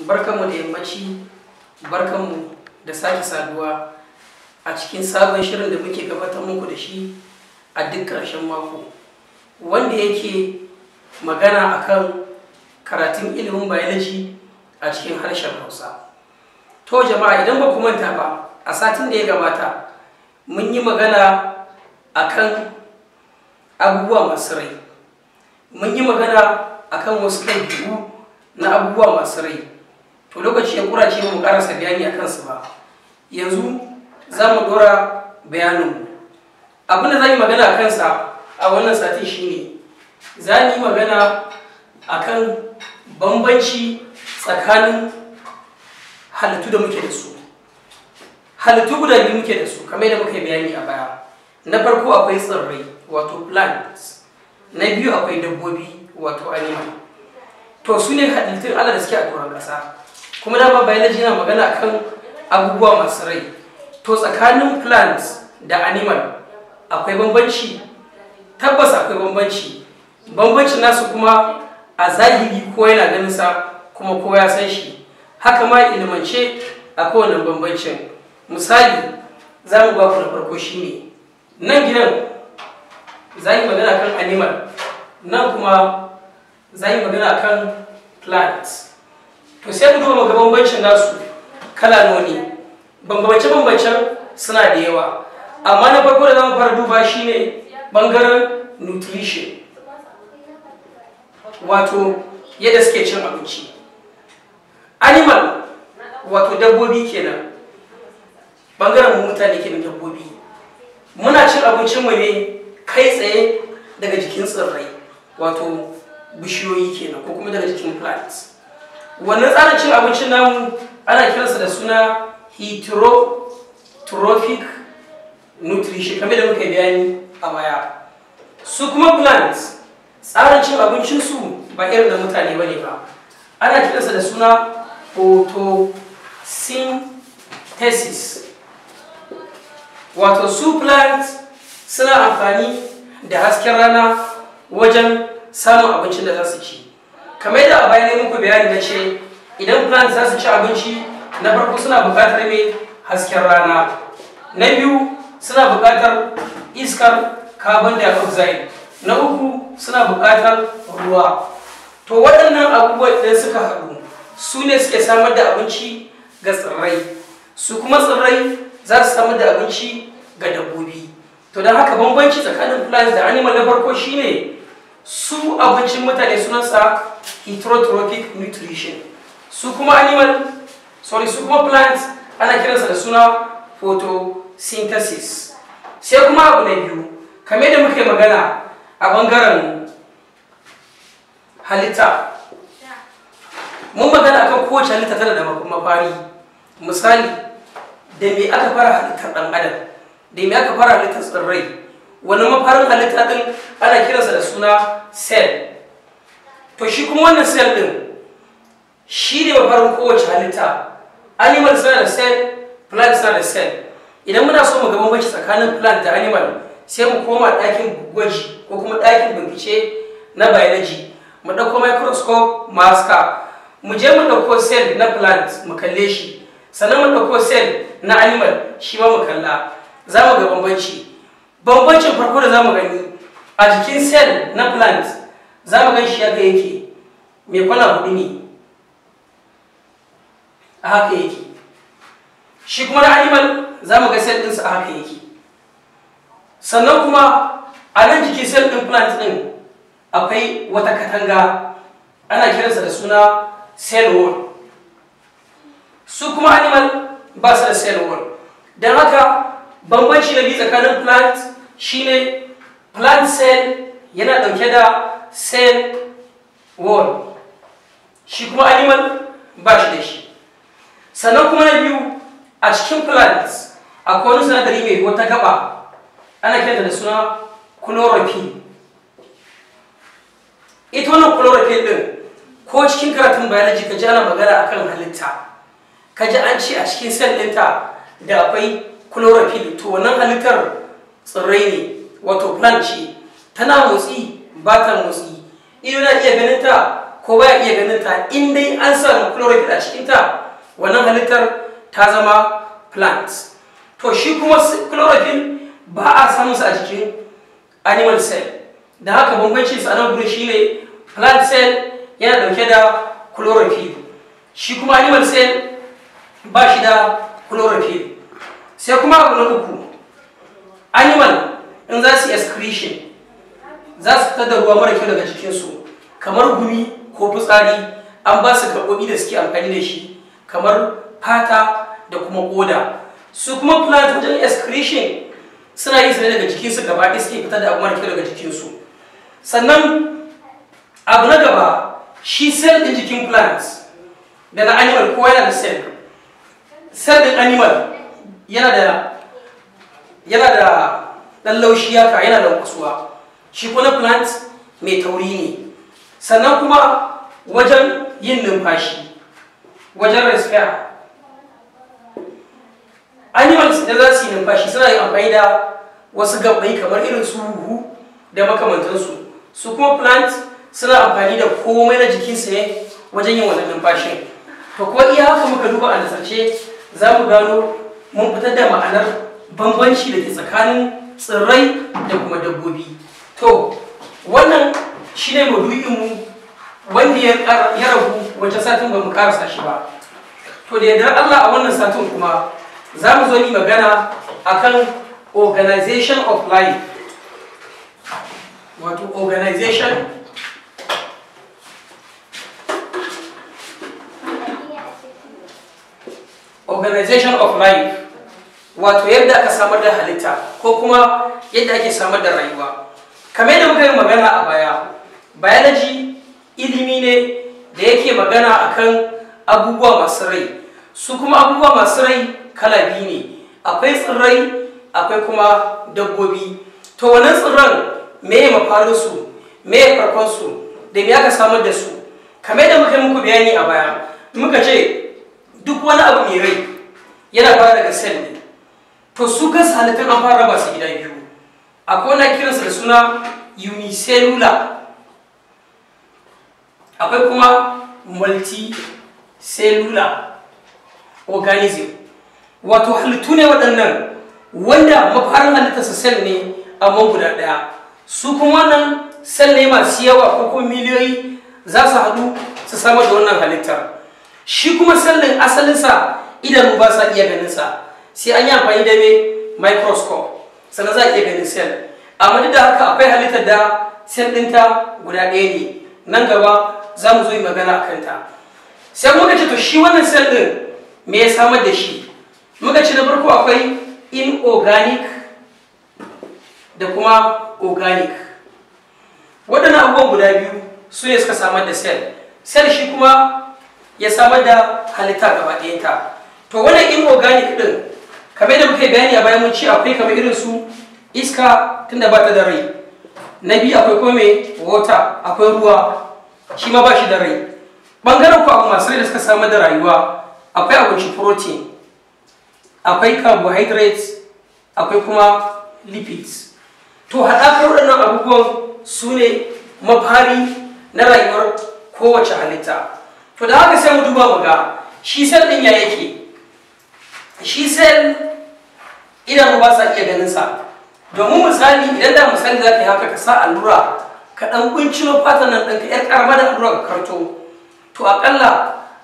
barkanmu da yammaci barkanmu da sake saduwa a cikin sabon shirin da muke gabatar muku da shi a duk ƙarshen mako wanda yake magana akan karatun ilimin biology a cikin harshen hausa to jama'a idan ba ku manta ba a satin da ya gabata mun yi magana akan abubuwa masu rai mun yi magana akan wasu ɗabi'u na abubuwa masu rai to lokaci ya kura ce mu karasa bayani a kansu ba yanzu za mu dora bayaninmu abin da za yi magana a kansa a wannan sati shine za yi magana a kan bambanci tsakanin halittu da muke da su halittu guda biyu muke da su kamar yadda muka yi bayani a baya na farko akwai tsirrai wato plants na biyu akwai dabbobi wato animal to su ne halittun allah da suke a turan ƙasa kuma dama biology jina magana kan abubuwa masu rai to tsakanin plant da animal akwai bambanci tabbas akwai bambanci bambancin nasu kuma a zahiri ko yana ganin sa kuma ko ya san shi haka ma ilimance a kowane bambancin misali za mu ba ku da farko ne, nan gidan za yi magana kan animal nan kuma za yi magana kan plant to sai mu duba ga bambancin nasu kala noni bambance bambancen suna da yawa amma na farko da zamu fara duba shine bangaren nutrition wato yadda suke cin abinci animal wato dabbobi kenan bangaren mu mutane kenan dabbobi muna cin abincin mu ne kai tsaye daga jikin tsirrai wato bishiyoyi kenan ko kuma daga jikin plants wannan tsarin cin abincin namu ana kiransa da suna heterotrophic nutrition kamar da muka bayani a baya su kuma plants tsarin cin abincinsu ba irin da mutane ba ne ba ana kiransa da suna photosynthesis wato su plants suna amfani da hasken rana wajen samun abincin da za su ci kamar yadda a bayan muku bayani na ce idan plant za su ci abinci na farko suna buƙatar mai hasken rana na biyu suna buƙatar iskar carbon dioxide na uku suna buƙatar ruwa to waɗannan abubuwa idan suka haɗu su ne suke samar da abinci ga tsirrai su kuma tsirrai za su samar da abinci ga dabbobi to don haka bambanci tsakanin plants da animal na farko shine su abincin mutane sa heterotrophic nutrition su kuma animal sorry su kuma plant ana kiransa da suna photosynthesis sai kuma abu na biyu kamar da muke magana a bangaren halitta mun magana akan kowace halitta tana da mafari misali da me aka fara halittar dan adam da me aka fara halittar tsirrai wannan mafarin halitta din ana kiransa da suna cell to shi kuma wannan cell din shi ne mafarin kowace halitta animal suna da cell plant suna da cell idan muna so mu ga bambanci tsakanin plant da animal sai mu koma ɗakin gwaji ko kuma ɗakin bincike na biology mu ɗauko microscope maska mu je mu ɗauko cell na plant mu kalle shi sannan mu ɗauko cell na animal shi ma mu kalla za mu ga bambanci bambancin farko da zamu gani a jikin cell na plant za mu gan shi aka yake mai kwana hudu ne a haka yake shi kuma na animal za mu ga cell ɗinsa a haka yake sannan kuma a nan jikin cell ɗin plant ɗin akwai wata katanga ana kiransa da suna cell wall su kuma animal ba su da cell wall don haka bambanci na biyu tsakanin plant shine plant cell yana dauke da cell wall shi kuma animal ba shi da shi sannan kuma na biyu a cikin plants akwai wani sinadari mai wata gaba ana kiranta da suna chlorophyll ita wannan chlorophyll din ko cikin karatun biology ka ji ana magana akan halitta ka ji an ce a cikin cell ɗinta da akwai chlorophyll to wannan halittar tsirrai ne wato plant ce tana motsi ba ta motsi ido na iya ganin ta ko ba ya iya ganin ta in dai an san chlorophyll a cikin ta wannan halittar ta zama plant to shi kuma chlorophyll ba a samun sa a cikin animal cell da haka bambanci sa a nan gurin shine plant cell yana dauke da chlorophyll shi kuma animal cell ba shi da chlorophyll sai kuma abu na uku animal in za su excretion za su fitar da ruwa mara kyau daga cikinsu kamar gumi ko fitsari an ba su gaɓoɓi da suke amfani da shi kamar fata da kuma oda su kuma plant wajen excretion suna yi sanar daga jikinsu gaba ɗaya suke fitar da abu mara kyau daga jikinsu sannan abu na gaba shi cell ɗin jikin plant da na animal ko yana da cell cell ɗin animal yana da yana da ɗan laushi haka yana da kusuwa shi kuma plant mai tauri ne sannan kuma wajen yin numfashi wajen respire animals da za su yi numfashi suna yin amfani da wasu gabbai kamar irin su huhu da makamantansu su kuma plant suna amfani da komai na jikinsa ne wajen yin wannan numfashin to kuma iya haka muka duba a nasarce za mu gano mun fitar da ma'anar bambanci da ke tsakanin tsirrai da kuma dabbobi to wannan shine mu wanda ya rabu wata satin ba mu karasa shi ba to da yardar Allah a wannan satin kuma za mu zo ni magana akan organization of life wato organization organization of life wato yadda aka samar da halitta ko kuma yadda ake samar da rayuwa kamar yadda muka yi magana a baya biology ilimi ne da yake magana akan abubuwa masu rai su kuma abubuwa masu rai kala biyu ne akwai tsirrai akwai kuma dabbobi to wannan tsirran me ya su? me ya su? da me aka samar da su kamar yadda muka yi muku bayani a baya muka ce duk wani abu mai rai yana fara daga sel ne to su kansu halittun an fara raba su gida biyu akwai wanda kiransa da suna unicellular akwai kuma multicellular organism wato halittu ne waɗannan wanda mafarin halittarsa sel ne amma guda ɗaya su kuma nan sel ne masu yawa ko kuma miliyoyi za su haɗu su samar da wannan halittar shi kuma sel ɗin asalinsa idan ba sa iya ganinsa sai an yi amfani da me microscope sannan za a iya ganin cell amma duk da haka akwai halittar da cell ɗinta guda ɗaya ne nan gaba za mu zo yi magana a kanta sai muka ce to shi wannan cell ɗin me ya samar da shi muka ce na farko akwai inorganic da kuma organic waɗannan abubuwan guda biyu su ne suka samar da cell cell shi kuma ya samar da halitta gaba ɗayanta to wannan inorganic ɗin kamar da muka yi bayani a bayan mun ce akwai kamar irin su iska tunda ba ta da rai na biyu akwai kuma mai wata akwai ruwa shi ma ba shi da rai bangaren ku abu masu rai da suka samar da rayuwa akwai abinci protein akwai carbohydrates akwai kuma lipids to haɗakar waɗannan abubuwan su ne mafari na rayuwar kowace halitta to da haka sai mu duba mu ga shi sel ɗin ya yake shi sel idan ba sa iya ganin sa domin misali idan da misali za ka yi haka ka sa allura ka dan kuncino fatan nan ɗinka yar ƙarama da allura ka karto to aƙalla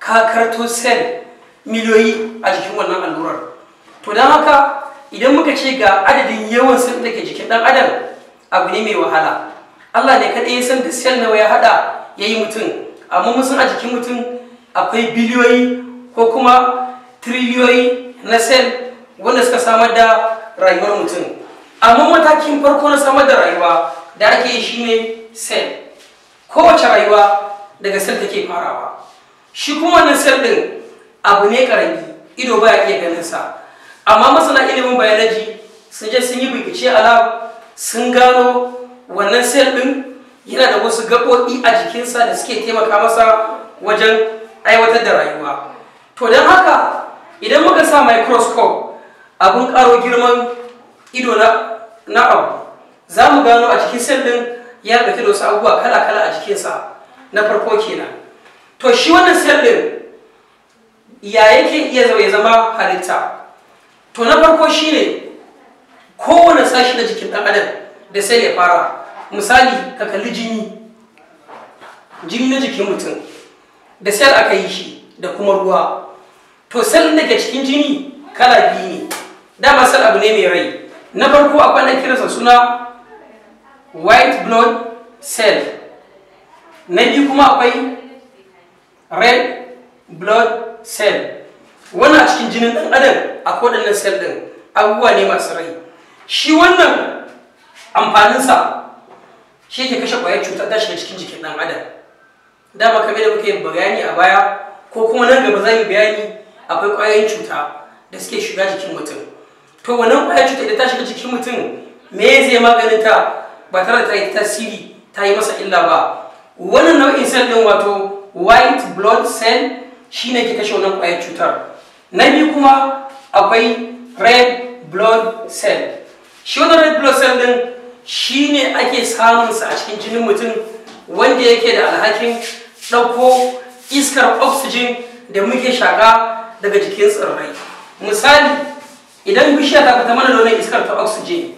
ka karto sel miliyoyi a jikin wannan allurar to don haka idan muka ce ga adadin yawan sel da ke jikin ɗan adam abu ne mai wahala allah ne kaɗai ya san da sel nawa ya haɗa ya yi mutum amma mun san a jikin mutum akwai biliyoyi ko kuma triliyoyi na sel wanda suka samar da rayuwar mutum amma matakin farko na samar da rayuwa da ake yi shine sel kowace rayuwa daga sel take farawa shi kuma wannan sel din abu ne karami ido baya iya ganin sa amma masana ilimin biology sun je sun yi bincike a lab sun gano wannan sel din yana da wasu gaɓoɓi a jikinsa da suke taimaka masa wajen aiwatar da rayuwa to don haka idan muka sa microscope abin karo girman ido na abu za mu gano a cikin sel din ya ɗauki da wasu abubuwa kala-kala a jikinsa na farko kenan to shi wannan sel ya yake iya zama halitta to na farko shine kowane sashi na jikin dan adam da sai ya fara misali ka kalli jini jini na jikin mutum da sai aka yi shi da kuma ruwa to sel da ke cikin jini kala biyu ne dama sel abu ne mai rai na farko akwai na kiransa suna white blood cell na biyu kuma akwai red blood cell Wani a cikin jinin ɗan adam a kodannan cell ɗin abubuwa ne masu rai shi wannan amfaninsa shi ke kashe kwayar cutar ta shiga cikin jikin ɗan adam dama kamar da muke bayani a baya ko kuma nan gaba za bayani akwai ƙwayoyin cuta da suke shiga jikin mutum to wannan ƙwayar cuta da ta shiga jikin mutum me zai maganin ta ba tare da ta yi tasiri ta yi masa illa ba wannan nau'in cell din wato white blood cell shine ke kashe wannan ƙwayar cutar na biyu kuma akwai red blood cell shi wannan red blood cell din shine ake samun sa a cikin jinin mutum wanda yake da alhakin ɗauko iskar oxygen da muke shaƙa daga jikin tsirrai misali idan bishiya ta fita mana da iskar ta oxygen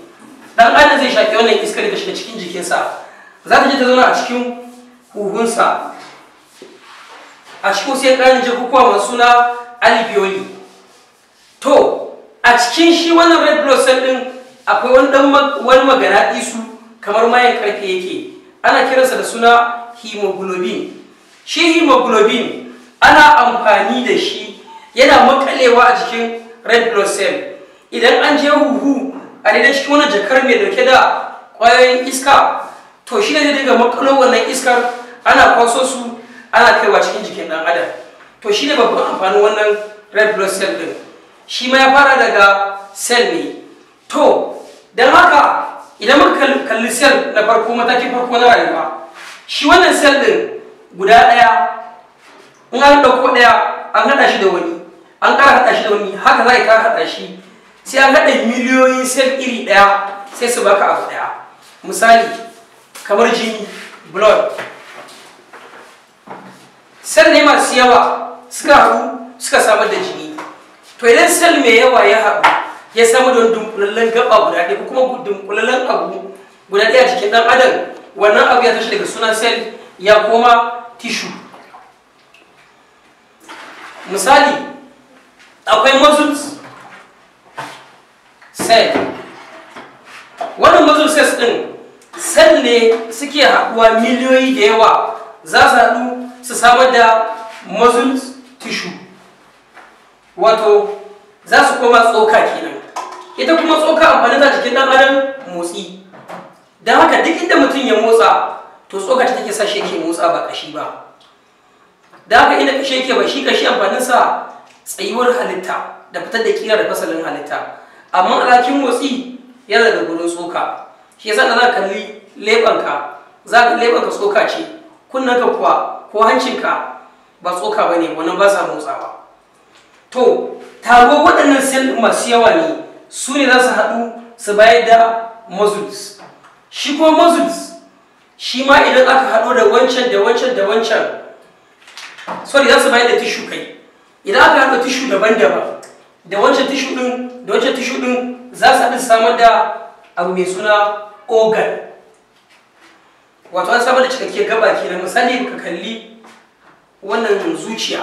dan adam zai shaƙi wannan iskar da shiga cikin jikinsa za ta je ta zauna a cikin huhunsa a cikin sai ƙarin jikukuwa masu suna alveoli to a cikin shi wannan red blood cell din akwai wani dan wani magana isu kamar mayan karfe yake ana kiransa da suna hemoglobin shi hemoglobin ana amfani da shi yana makalewa a jikin red blood cell idan an je huhu a daidai cikin wani jakar mai dauke da kwayoyin iska to shi ne daga makalo wannan iskar ana kwaso su ana kaiwa cikin jikin dan adam to shi ne babban amfanin wannan red blood cell din shi ma ya fara daga cell ne to don haka idan muka kalli cell na farko matakin farko na rayuwa shi wannan cell din guda ɗaya in an ɗauko ɗaya an hada shi da wani an ƙara haɗa shi da wani haka za ka haɗa shi sai an haɗa miliyoyin sel iri ɗaya sai su baka abu ɗaya misali kamar jini blood sel ne masu yawa suka haɗu suka samar da jini to idan sel mai yawa ya haɗu ya samu da dunkulallen gaba guda ɗaya ko kuma dunkulallen abu guda ɗaya cikin ɗan adam wannan abu ya tashi daga sunan sel ya koma tishu misali akwai muscles cell wannan muscle cells din cell ne suke haɗuwa miliyoyi da yawa za su haɗu su samar da muscle tissue wato za su koma tsoka kenan ita kuma tsoka amfani ta jikin ɗan adam motsi don haka duk inda mutum ya motsa to tsoka ta take sashe ke motsa ba ƙashi ba da haka inda ƙashi ke ba shi ƙashi amfaninsa tsayuwar halitta da fitar da kira da fasalin halitta amma alhakin motsi yana da gurin tsoka shi yasa da za ka kalli lebanka za ka lebanka tsoka ce kunnanka kuwa ko hancinka ba tsoka ba ne wannan ba sa motsawa to tago waɗannan sel masu yawa ne su ne za su haɗu su bayar da muscles shi kuma muscles shi ma idan aka haɗo da wancan da wancan da wancan sorry za su bayar da tishu kai idan aka haɗa tishu daban-daban da wancan tishu ɗin da wancan tishu ɗin za su haɗu samar da abu mai suna organ wato an samar da cikakke gaba kenan misali ka kalli wannan zuciya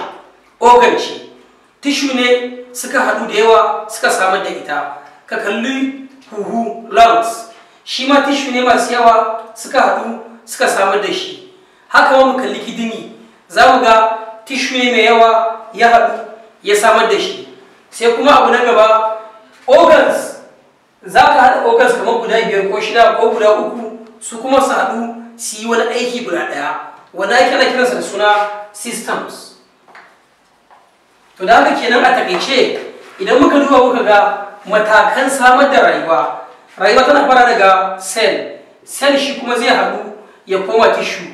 organ ce tishu ne suka haɗu da yawa suka samar da ita ka kalli huhu lungs shi ma tishu ne masu yawa suka haɗu suka samar da shi haka ma mu kalli kidini za mu ga tishu ne mai yawa ya haɗu ya samar da shi sai kuma abu na gaba organs za ka haɗa organs kamar guda biyar ko shida ko guda uku su kuma su haɗu su yi wani aiki guda ɗaya wanda ake na kiransa da suna systems to da haka kenan a takaice idan muka duba muka ga matakan samar da rayuwa rayuwa tana fara daga cell cell shi kuma zai haɗu ya koma tishu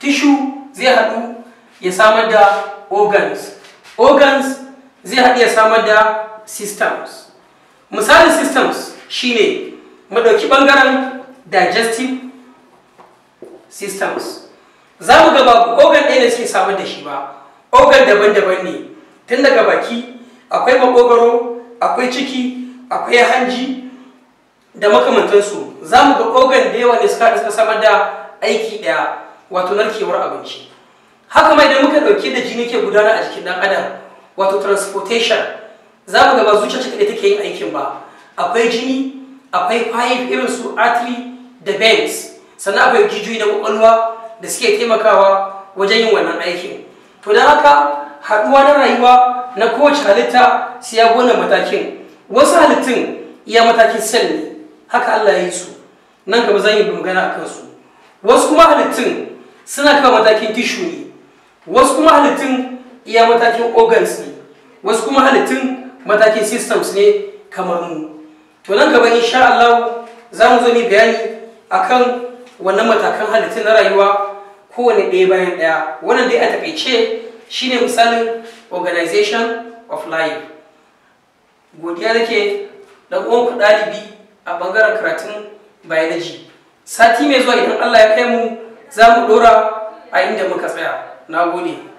tishu zai haɗu ya samar da organs organs zai haɗiya samar da systems misalin systems shine mu ɗauki ɓangaren digestive systems za mu gaba organ ɗaya ne suke samar da shi ba organ daban-daban ne tun daga baki akwai maƙogaro akwai ciki akwai hanji da makamantansu za mu ga organ da yawa ne suka samar da aiki ɗaya wato narkewar abinci haka mai da muka ɗauki da jini ke gudana a jikin ɗan adam wato transportation za mu gaba zuciya ce kaɗai take yin aikin ba akwai jini akwai pipe irin su artery da veins sannan akwai jijiyoyi na kwakwalwa da suke taimakawa wajen yin wannan aikin to don haka haɗuwa na rayuwa na kowace halitta sai ya gona matakin wasu halittun iya matakin sel ne haka Allah ya yi su nan gaba zan yi magana a kansu wasu kuma halittun suna kawo matakin tishu ne wasu kuma halittun iya matakin organs ne wasu kuma halittun matakin systems ne kamar mu to nan gaba insha Allah za mu zo ni bayani akan wannan matakan halittun na rayuwa kowane ɗaya bayan ɗaya wannan dai a takaice shine misalin organization of life godiya nake da ku ɗalibi a ɓangaren karatun biology sati mai zuwa idan Allah ya kai mu za mu ɗora a inda muka tsaya na gode